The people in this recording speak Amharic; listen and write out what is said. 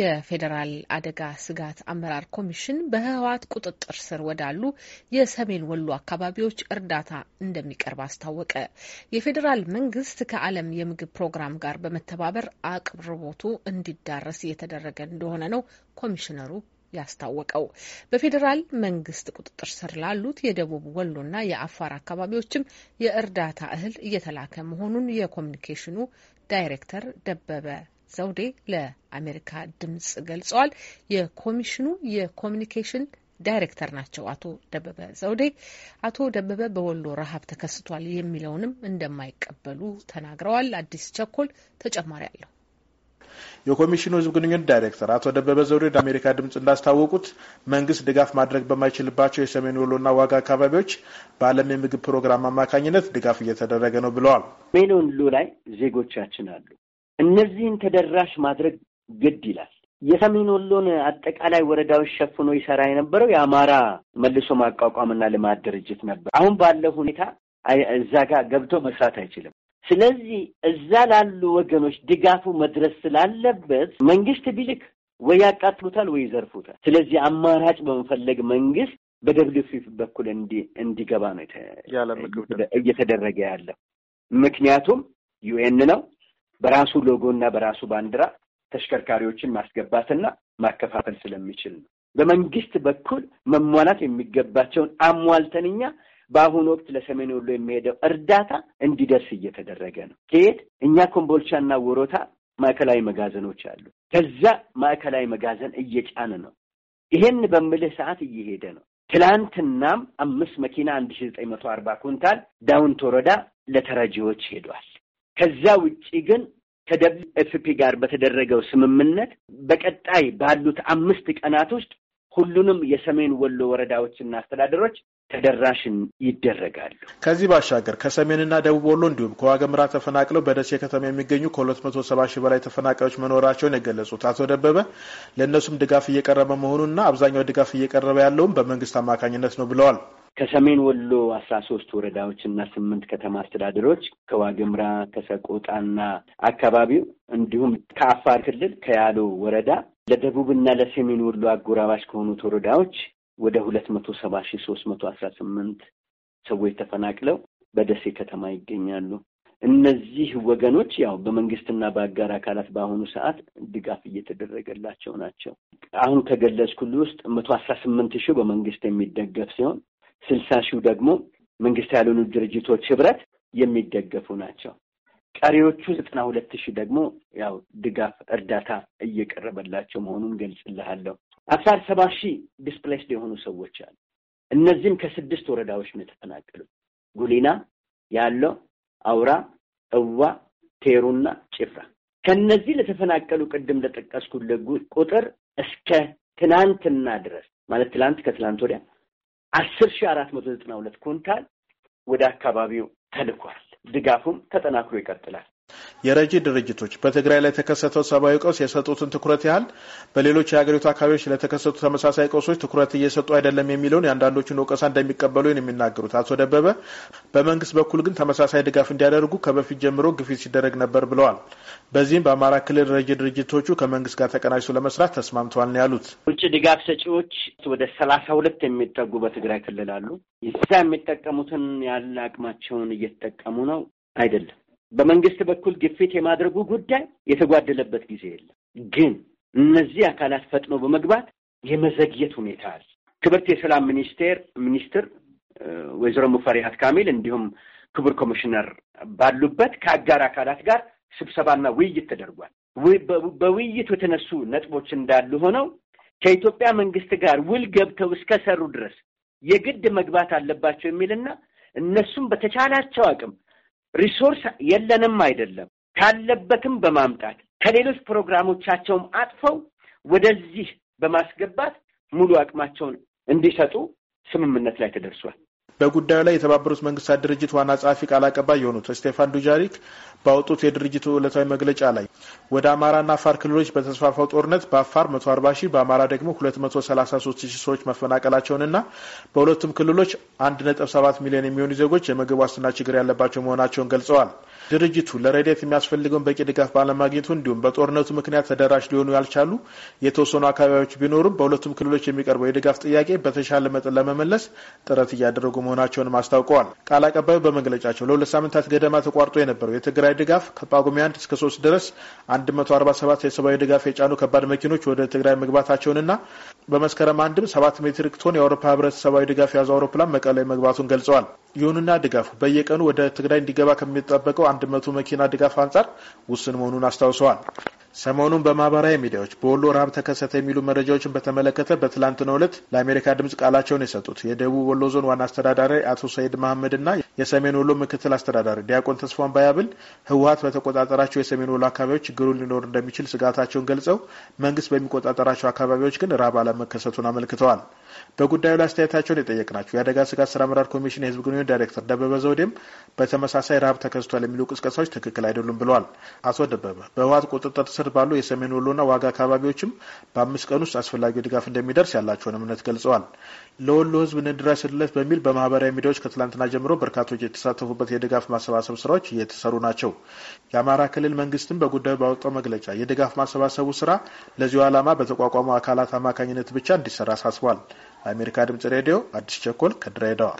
የፌዴራል አደጋ ስጋት አመራር ኮሚሽን በህወሓት ቁጥጥር ስር ወዳሉ የሰሜን ወሎ አካባቢዎች እርዳታ እንደሚቀርብ አስታወቀ። የፌዴራል መንግስት ከዓለም የምግብ ፕሮግራም ጋር በመተባበር አቅርቦቱ እንዲዳረስ እየተደረገ እንደሆነ ነው ኮሚሽነሩ ያስታወቀው። በፌዴራል መንግስት ቁጥጥር ስር ላሉት የደቡብ ወሎና የአፋር አካባቢዎችም የእርዳታ እህል እየተላከ መሆኑን የኮሚኒኬሽኑ ዳይሬክተር ደበበ ዘውዴ ለአሜሪካ ድምጽ ገልጸዋል። የኮሚሽኑ የኮሚኒኬሽን ዳይሬክተር ናቸው አቶ ደበበ ዘውዴ። አቶ ደበበ በወሎ ረሃብ ተከስቷል የሚለውንም እንደማይቀበሉ ተናግረዋል። አዲስ ቸኮል ተጨማሪ አለሁ የኮሚሽኑ ህዝብ ግንኙነት ዳይሬክተር አቶ ደበበ ዘውዴ ለአሜሪካ ድምፅ እንዳስታወቁት መንግስት ድጋፍ ማድረግ በማይችልባቸው የሰሜን ወሎና ዋጋ አካባቢዎች በዓለም የምግብ ፕሮግራም አማካኝነት ድጋፍ እየተደረገ ነው ብለዋል። ሰሜን ወሎ ላይ ዜጎቻችን አሉ። እነዚህን ተደራሽ ማድረግ ግድ ይላል። የሰሜን ወሎን አጠቃላይ ወረዳዎች ሸፍኖ ይሰራ የነበረው የአማራ መልሶ ማቋቋምና ልማት ድርጅት ነበር። አሁን ባለው ሁኔታ እዛ ጋር ገብቶ መስራት አይችልም። ስለዚህ እዛ ላሉ ወገኖች ድጋፉ መድረስ ስላለበት መንግስት ቢልክ ወይ ያቃጥሉታል ወይ ይዘርፉታል። ስለዚህ አማራጭ በመፈለግ መንግስት በደብሊውኤፍ በኩል እንዲገባ ነው እየተደረገ ያለው። ምክንያቱም ዩኤን ነው በራሱ ሎጎ እና በራሱ ባንዲራ ተሽከርካሪዎችን ማስገባትና ማከፋፈል ስለሚችል ነው። በመንግስት በኩል መሟላት የሚገባቸውን አሟልተንኛ። በአሁኑ ወቅት ለሰሜን ወሎ የሚሄደው እርዳታ እንዲደርስ እየተደረገ ነው። ከየት እኛ ኮምቦልቻና ወሮታ ማዕከላዊ መጋዘኖች አሉ። ከዛ ማዕከላዊ መጋዘን እየጫነ ነው። ይሄን በምልህ ሰዓት እየሄደ ነው። ትላንትናም አምስት መኪና አንድ ሺ ዘጠኝ መቶ አርባ ኩንታል ዳውንት ወረዳ ለተረጂዎች ሄዷል። ከዛ ውጪ ግን ከደብሊው ኤፍ ጋር በተደረገው ስምምነት በቀጣይ ባሉት አምስት ቀናት ውስጥ ሁሉንም የሰሜን ወሎ ወረዳዎችና አስተዳደሮች ተደራሽን ይደረጋሉ። ከዚህ ባሻገር ከሰሜንና ደቡብ ወሎ እንዲሁም ከዋገምራ ተፈናቅለው በደሴ ከተማ የሚገኙ ከሁለት መቶ ሰባ ሺህ በላይ ተፈናቃዮች መኖራቸውን የገለጹት አቶ ደበበ ለእነሱም ድጋፍ እየቀረበ መሆኑና አብዛኛው ድጋፍ እየቀረበ ያለውም በመንግስት አማካኝነት ነው ብለዋል። ከሰሜን ወሎ አስራ ሶስት ወረዳዎች እና ስምንት ከተማ አስተዳደሮች ከዋግምራ ከሰቆጣና አካባቢው እንዲሁም ከአፋር ክልል ከያሎ ወረዳ ለደቡብና ለሰሜን ወሎ አጎራባች ከሆኑት ወረዳዎች ወደ ሁለት መቶ ሰባ ሶስት መቶ አስራ ስምንት ሰዎች ተፈናቅለው በደሴ ከተማ ይገኛሉ። እነዚህ ወገኖች ያው በመንግስትና በአጋር አካላት በአሁኑ ሰዓት ድጋፍ እየተደረገላቸው ናቸው። አሁን ከገለጽኩል ውስጥ መቶ አስራ ስምንት በመንግስት የሚደገፍ ሲሆን ስልሳ ሺህ ደግሞ መንግስት ያልሆኑ ድርጅቶች ህብረት የሚደገፉ ናቸው። ቀሪዎቹ ዘጠና ሁለት ሺህ ደግሞ ያው ድጋፍ እርዳታ እየቀረበላቸው መሆኑን ገልጽልሃለሁ። አስራ ሰባት ሺህ ዲስፕሌስድ የሆኑ ሰዎች አሉ። እነዚህም ከስድስት ወረዳዎች ነው የተፈናቀሉት። ጉሊና ያለው፣ አውራ፣ እዋ፣ ቴሩና ጭፍራ። ከነዚህ ለተፈናቀሉ ቅድም ለጠቀስኩት ቁጥር እስከ ትናንትና ድረስ ማለት ትላንት ከትላንት ወዲያ አስር ሺ አራት መቶ ዘጠና ሁለት ኩንታል ወደ አካባቢው ተልኳል። ድጋፉም ተጠናክሮ ይቀጥላል። የረጂ ድርጅቶች በትግራይ ላይ የተከሰተው ሰብአዊ ቀውስ የሰጡትን ትኩረት ያህል በሌሎች የሀገሪቱ አካባቢዎች ለተከሰቱ ተመሳሳይ ቀውሶች ትኩረት እየሰጡ አይደለም የሚለውን የአንዳንዶቹን ወቀሳ እንደሚቀበሉ የሚናገሩት አቶ ደበበ። በመንግስት በኩል ግን ተመሳሳይ ድጋፍ እንዲያደርጉ ከበፊት ጀምሮ ግፊት ሲደረግ ነበር ብለዋል። በዚህም በአማራ ክልል ረጂ ድርጅቶቹ ከመንግስት ጋር ተቀናጅቶ ለመስራት ተስማምተዋል ነው ያሉት። ውጭ ድጋፍ ሰጪዎች ወደ ሰላሳ ሁለት የሚጠጉ በትግራይ ክልል አሉ። እዛ የሚጠቀሙትን ያለ አቅማቸውን እየተጠቀሙ ነው አይደለም በመንግስት በኩል ግፊት የማድረጉ ጉዳይ የተጓደለበት ጊዜ የለም። ግን እነዚህ አካላት ፈጥኖ በመግባት የመዘግየት ሁኔታ አለ። ክብርት የሰላም ሚኒስቴር ሚኒስትር ወይዘሮ ሙፈሪያት ካሚል እንዲሁም ክቡር ኮሚሽነር ባሉበት ከአጋር አካላት ጋር ስብሰባና ውይይት ተደርጓል። በውይይቱ የተነሱ ነጥቦች እንዳሉ ሆነው ከኢትዮጵያ መንግስት ጋር ውል ገብተው እስከሰሩ ድረስ የግድ መግባት አለባቸው የሚልና እነሱም በተቻላቸው አቅም ሪሶርስ የለንም አይደለም፣ ካለበትም በማምጣት ከሌሎች ፕሮግራሞቻቸውም አጥፈው ወደዚህ በማስገባት ሙሉ አቅማቸውን እንዲሰጡ ስምምነት ላይ ተደርሷል። በጉዳዩ ላይ የተባበሩት መንግስታት ድርጅት ዋና ጸሐፊ ቃል አቀባይ የሆኑት ስቴፋን ዱጃሪክ ባወጡት የድርጅቱ ዕለታዊ መግለጫ ላይ ወደ አማራና አፋር ክልሎች በተስፋፋው ጦርነት በአፋር 140 ሺህ በአማራ ደግሞ 233 ሺህ ሰዎች መፈናቀላቸውንና በሁለቱም ክልሎች 1.7 ሚሊዮን የሚሆኑ ዜጎች የምግብ ዋስትና ችግር ያለባቸው መሆናቸውን ገልጸዋል። ድርጅቱ ለረዴት የሚያስፈልገውን በቂ ድጋፍ ባለማግኘቱ እንዲሁም በጦርነቱ ምክንያት ተደራሽ ሊሆኑ ያልቻሉ የተወሰኑ አካባቢዎች ቢኖሩም በሁለቱም ክልሎች የሚቀርበው የድጋፍ ጥያቄ በተሻለ መጠን ለመመለስ ጥረት እያደረጉ መሆናቸውንም አስታውቀዋል። ቃል አቀባዩ በመግለጫቸው ለሁለት ሳምንታት ገደማ ተቋርጦ የነበረው የትግራይ ድጋፍ ከጳጉሜ አንድ እስከ ሶስት ድረስ አንድ መቶ የሰብአዊ ድጋፍ የጫኑ ከባድ መኪኖች ወደ ትግራይ መግባታቸውንና በመስከረም አንድም ሰባት ሜትሪክ ቶን የአውሮፓ ህብረት ሰብአዊ ድጋፍ የያዘው አውሮፕላን መቀሌ መግባቱን ገልጸዋል። ይሁንና ድጋፉ በየቀኑ ወደ ትግራይ እንዲገባ ከሚጠበቀው አንድ መቶ መኪና ድጋፍ አንጻር ውስን መሆኑን አስታውሰዋል። ሰሞኑን በማህበራዊ ሚዲያዎች በወሎ ረሃብ ተከሰተ የሚሉ መረጃዎችን በተመለከተ በትላንትናው ዕለት ለአሜሪካ ድምጽ ቃላቸውን የሰጡት የደቡብ ወሎ ዞን ዋና አስተዳዳሪ አቶ ሰይድ መሐመድና የሰሜን ወሎ ምክትል አስተዳዳሪ ዲያቆን ተስፋን ባያብል ህወሀት በተቆጣጠራቸው የሰሜን ወሎ አካባቢዎች ችግሩ ሊኖር እንደሚችል ስጋታቸውን ገልጸው መንግስት በሚቆጣጠራቸው አካባቢዎች ግን ረሃብ አለመከሰቱን አመልክተዋል። በጉዳዩ ላይ አስተያየታቸውን የጠየቅናቸው የአደጋ ስጋት ስራ አመራር ኮሚሽን የህዝብ ግንኙነት ዳይሬክተር ደበበ ዘውዴም በተመሳሳይ ረሃብ ተከስቷል የሚሉ ቅስቀሳዎች ትክክል አይደሉም ብለዋል። አቶ ደበበ በህወሀት ቁጥጥር ስር ባሉ የሰሜን ወሎና ዋጋ አካባቢዎችም በአምስት ቀን ውስጥ አስፈላጊው ድጋፍ እንደሚደርስ ያላቸውን እምነት ገልጸዋል። ለወሎ ንድራ እንድረስለት በሚል በማህበራዊ ሚዲያዎች ከትላንትና ጀምሮ በርካቶች የተሳተፉበት የድጋፍ ማሰባሰብ ስራዎች እየተሰሩ ናቸው። የአማራ ክልል መንግስትም በጉዳዩ ባወጣው መግለጫ የድጋፍ ማሰባሰቡ ስራ ለዚሁ ዓላማ በተቋቋሙ አካላት አማካኝነት ብቻ እንዲሰራ አሳስቧል። ለአሜሪካ ድምጽ ሬዲዮ አዲስ ቸኮል ከድሬዳዋ